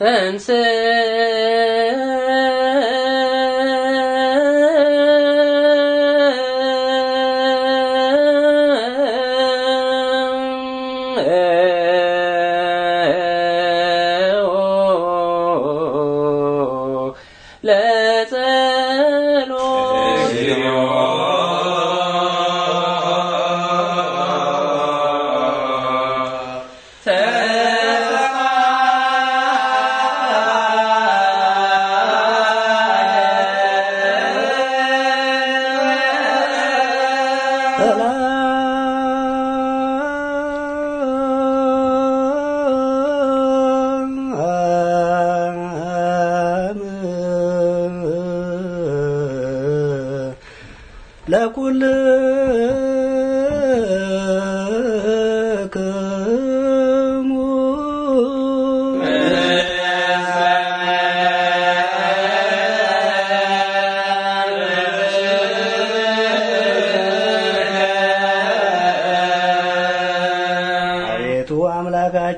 Then say.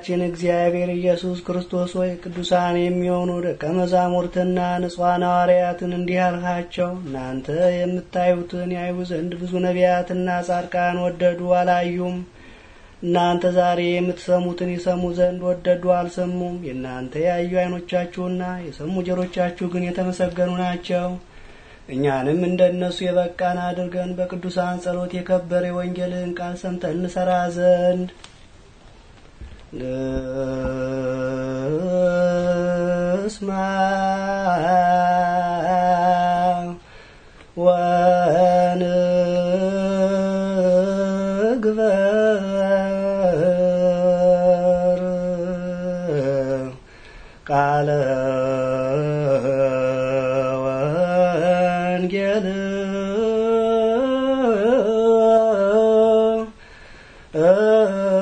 ጌታችን እግዚአብሔር ኢየሱስ ክርስቶስ ወይ ቅዱሳን የሚሆኑ ደቀ መዛሙርትና ንጹሐን ሐዋርያትን እንዲህ አልሃቸው፣ እናንተ የምታዩትን ያዩ ዘንድ ብዙ ነቢያትና ጻድቃን ወደዱ፣ አላዩም። እናንተ ዛሬ የምትሰሙትን ይሰሙ ዘንድ ወደዱ፣ አልሰሙም። የእናንተ ያዩ ዓይኖቻችሁና የሰሙ ጆሮቻችሁ ግን የተመሰገኑ ናቸው። እኛንም እንደ እነሱ የበቃን አድርገን በቅዱሳን ጸሎት የከበረ ወንጌልን ቃል ሰምተን እንሰራ ዘንድ ልስማ ወንግበር ቃለ ወንጌል Oh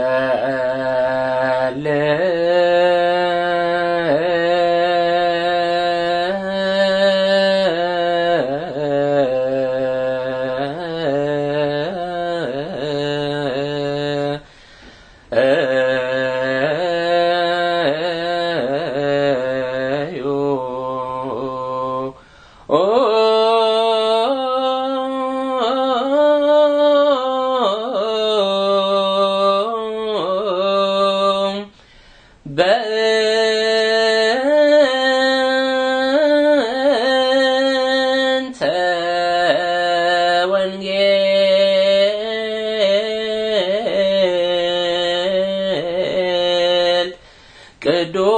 ቅዱስ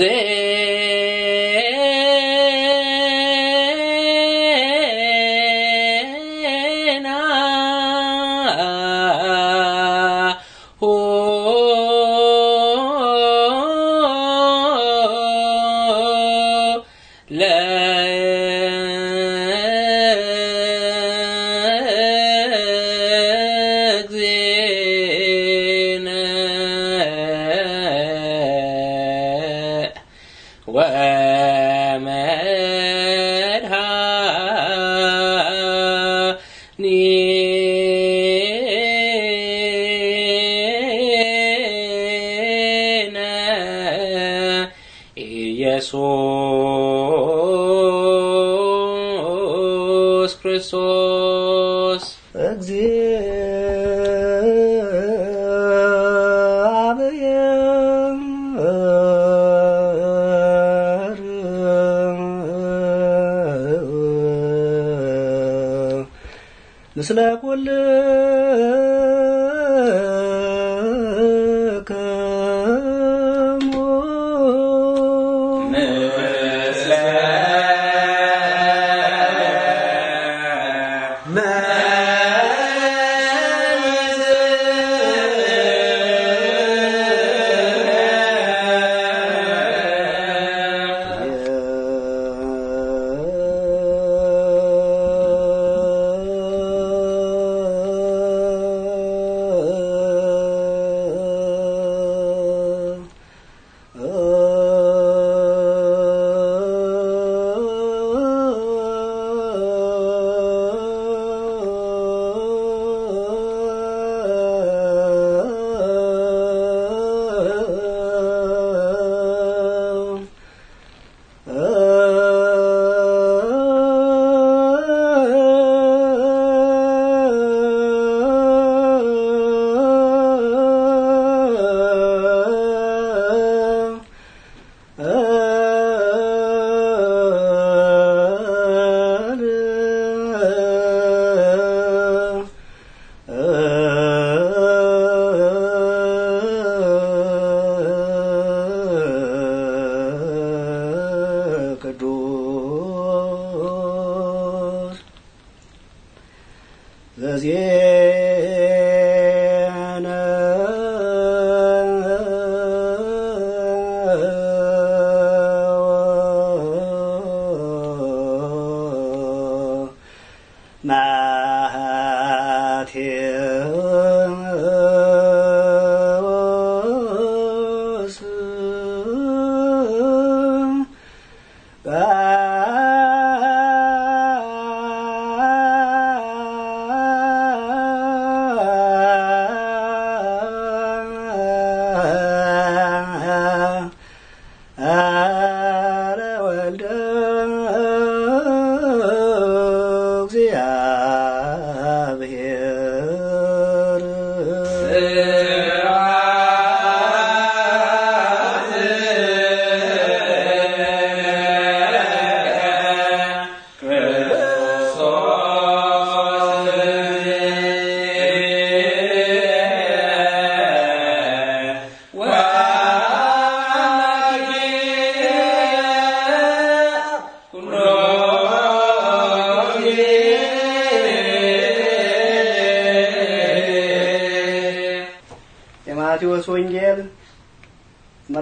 זה 诶、哎。ምስለ ኩል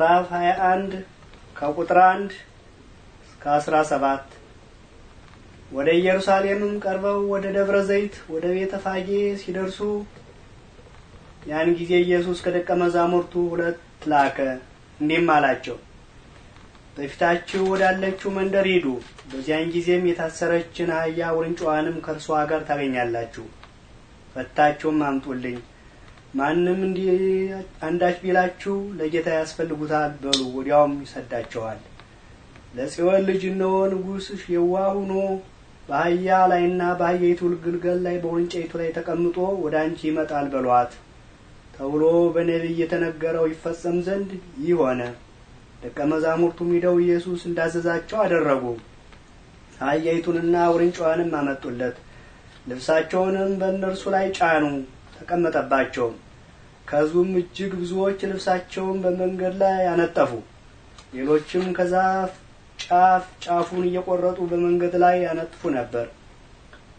ምዕራፍ 21 ከቁጥር 1 እስከ 17 ወደ ኢየሩሳሌምም ቀርበው ወደ ደብረ ዘይት ወደ ቤተ ፋጌ ሲደርሱ ያን ጊዜ ኢየሱስ ከደቀ መዛሙርቱ ሁለት ላከ፣ እንዲህም አላቸው፣ በፊታችሁ ወዳለችው መንደር ሂዱ፣ በዚያን ጊዜም የታሰረችን አህያ ውርንጫዋንም ከእርሷ ጋር ታገኛላችሁ፣ ፈታችሁም አምጡልኝ ማንም እንዲህ አንዳች ቢላችሁ ለጌታ ያስፈልጉታል በሉ፣ ወዲያውም ይሰዳቸዋል። ለጽዮን ልጅ እነሆ ንጉሥሽ የዋህ ሆኖ በአህያ ላይና በአህያይቱ ግልገል ላይ በወንጨይቱ ላይ ተቀምጦ ወደ አንቺ ይመጣል በሏት ተብሎ በነቢይ የተነገረው ይፈጸም ዘንድ ይህ ሆነ። ደቀ መዛሙርቱም ሂደው ኢየሱስ እንዳዘዛቸው አደረጉ። አህያይቱንና ውርንጫዋንም አመጡለት፣ ልብሳቸውንም በእነርሱ ላይ ጫኑ። ተቀመጠባቸውም። ከሕዝቡም እጅግ ብዙዎች ልብሳቸውን በመንገድ ላይ አነጠፉ። ሌሎችም ከዛፍ ጫፍ ጫፉን እየቆረጡ በመንገድ ላይ ያነጥፉ ነበር።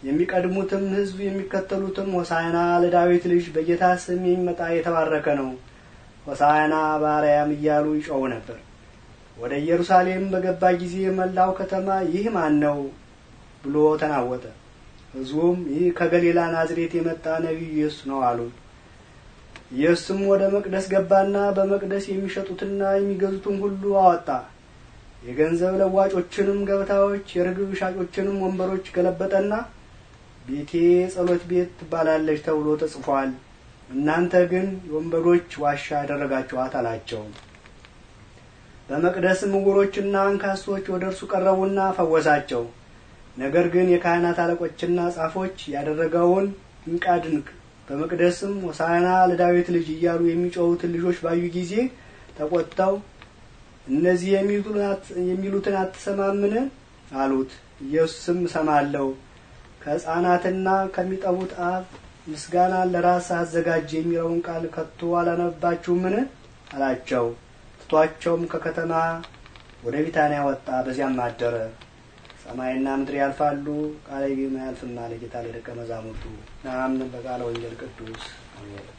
የሚቀድሙትም ሕዝብ የሚከተሉትም ሆሳዕና ለዳዊት ልጅ በጌታ ስም የሚመጣ የተባረከ ነው፣ ሆሳዕና በአርያም እያሉ ይጮው ነበር። ወደ ኢየሩሳሌም በገባ ጊዜ መላው ከተማ ይህ ማን ነው ብሎ ተናወጠ። ሕዝቡም ይህ ከገሊላ ናዝሬት የመጣ ነቢዩ ኢየሱስ ነው አሉ። ኢየሱስም ወደ መቅደስ ገባና በመቅደስ የሚሸጡትና የሚገዙትን ሁሉ አወጣ። የገንዘብ ለዋጮችንም ገበታዎች፣ የርግብ ሻጮችንም ወንበሮች ገለበጠና ቤቴ ጸሎት ቤት ትባላለች ተብሎ ተጽፏል፣ እናንተ ግን የወንበዶች ዋሻ ያደረጋችኋት አላቸው። በመቅደስም ዕውሮችና አንካሶች ወደ እርሱ ቀረቡና ፈወሳቸው። ነገር ግን የካህናት አለቆችና ጻፎች ያደረገውን ድንቃ በመቅደስም ሆሳዕና ለዳዊት ልጅ እያሉ የሚጮሁትን ልጆች ባዩ ጊዜ ተቆጥተው እነዚህ የሚሉትን አትሰማምን አሉት። ኢየሱስም እሰማለሁ ከህፃናትና ከሚጠቡት አፍ ምስጋና ለራስ አዘጋጅ የሚለውን ቃል ከቶ አላነባችሁምን አላቸው። ትቷቸውም ከከተማ ወደ ቢታንያ ወጣ፣ በዚያም አደረ። ሰማይና ምድር ያልፋሉ፣ ቃሌ ግን አያልፍም አለ ጌታ ለደቀ መዛሙርቱ። ናምን በቃለ ወንጌል ቅዱስ አሜን።